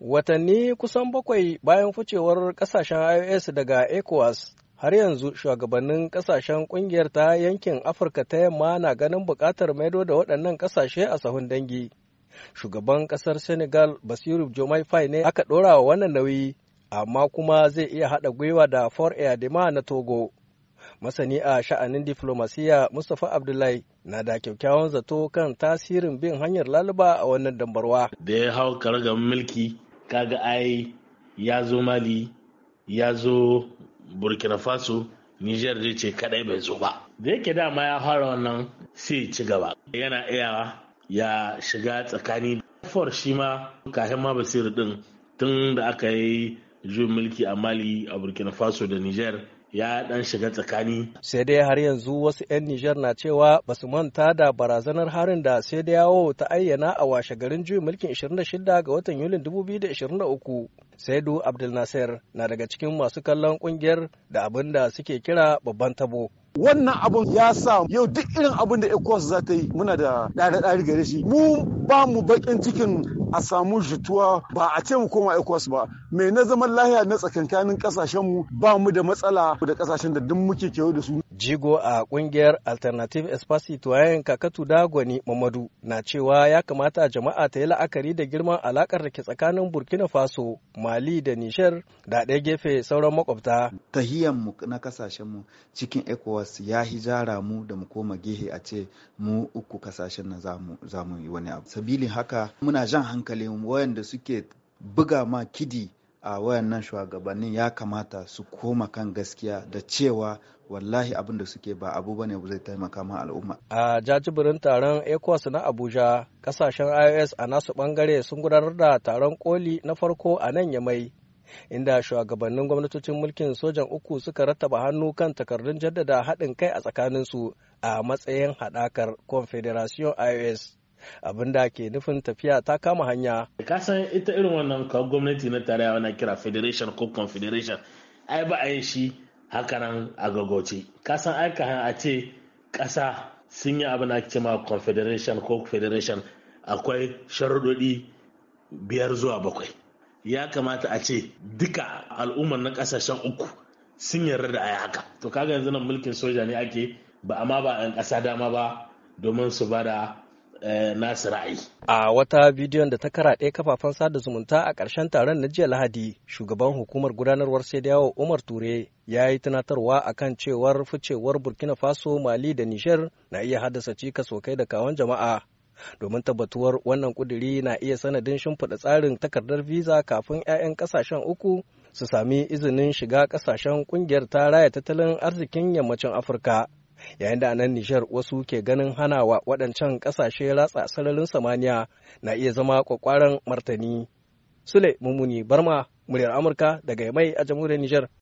Watanni kusan bakwai bayan ficewar kasashen IOS daga ECOWAS har yanzu shugabannin kasashen kungiyar ta yankin Afirka ta yamma na ganin bukatar maido da waɗannan kasashe a sahun dangi. Shugaban ƙasar Senegal Basiru Jomai Fai ne aka ɗora wa wannan nauyi, amma kuma zai iya haɗa gwiwa da For Dima na Togo. Masani a sha'anin diflomasiya Mustapha Abdullahi na da kyakkyawan zato kan tasirin bin hanyar laluba a wannan dambarwa. Da ya hau karagar mulki kaga ai ya zo mali ya zo burkina faso niger zai ce kadai bai zo ba da yake dama ya fara wannan sai ci gaba yana iya ya shiga tsakani for shi ma kafin ma basiru din tun da aka yi juyin mulki a mali a burkina faso da niger ya dan shiga tsakani. Sai dai har yanzu wasu 'yan Nijar na cewa ba su manta da barazanar harin da sai da yawo ta ayyana a washe garin juyin mulkin 26 ga watan Yulin 2023. Saidu Abdul Nasir na daga cikin masu kallon kungiyar da abin da suke kira babban tabo. wannan abun ya sa yau duk irin abun da ecos za ta yi muna da ɗare-ɗare gare shi mu ba mu bakin cikin a samu jituwa ba a ce mu koma ecos ba mai na zaman lahiya na tsakankanin kasashen mu ba mu da matsala da kasashen da duk muke kewa da su jigo a kungiyar alternative espace tuwayen kakatu dagwani mamadu na cewa ya kamata jama'a ta yi la'akari da girman alakar da ke tsakanin burkina faso mali da nishar da ɗaya gefe sauran makwabta tahiyan mu na kasashen mu cikin ecowas ya hijara mu da mu koma gehe a ce mu uku kasashen na zamu yi wani abu sabilin haka muna jan hankalin wayanda suke buga ma kidi a wayannan shugabannin ya kamata su koma kan gaskiya da cewa wallahi abin da suke ba abu bane zai taimaka ma al'umma. A jajibirin taron ecos na Abuja, kasashen IOS a nasu bangare sun gudanar da taron koli na farko a nan Yamai inda shugabannin gwamnatocin mulkin sojan uku suka rattaba hannu kan takardun jaddada haɗin kai a tsakaninsu a matsayin haɗakar confederation ios abin da ke nufin tafiya ta kama hanya ka san ita irin wannan gwamnati na tarayya wani kira federation ko confederation ai ba a yin shi nan a gagauce. ka san aika a ce ƙasa sun yi abin da ake ma confederation ko federation akwai sharuɗoɗi biyar zuwa bakwai ya kamata a ce duka al'ummar na ƙasashen uku sun yarda da ayi haka to kaga yanzu nan mulkin soja ne ake ba amma ba ƴan ƙasa dama ba domin su ba da Eh, nasu ra'ayi. A wata bidiyon da ta karaɗe kafafen sada zumunta a ƙarshen taron na jiya Lahadi, shugaban hukumar gudanarwar sai yawo Umar Ture ya yi tunatarwa akan cewar ficewar Burkina Faso, Mali da Nijar na iya haddasa cika da kawon jama'a. Domin tabbatuwar wannan kuduri na iya sanadin shimfiɗa tsarin takardar visa kafin 'ya'yan ƙasashen uku su sami izinin shiga ƙasashen ƙungiyar ta raya tattalin arzikin yammacin Afirka. yayin da nan Nijar wasu ke ganin hanawa waɗancan ƙasashe ratsa sararin samaniya na iya zama ƙwaƙwaran martani. Sule Mumuni Barma, muryar Amurka daga mai a jamhuriyar Nijar.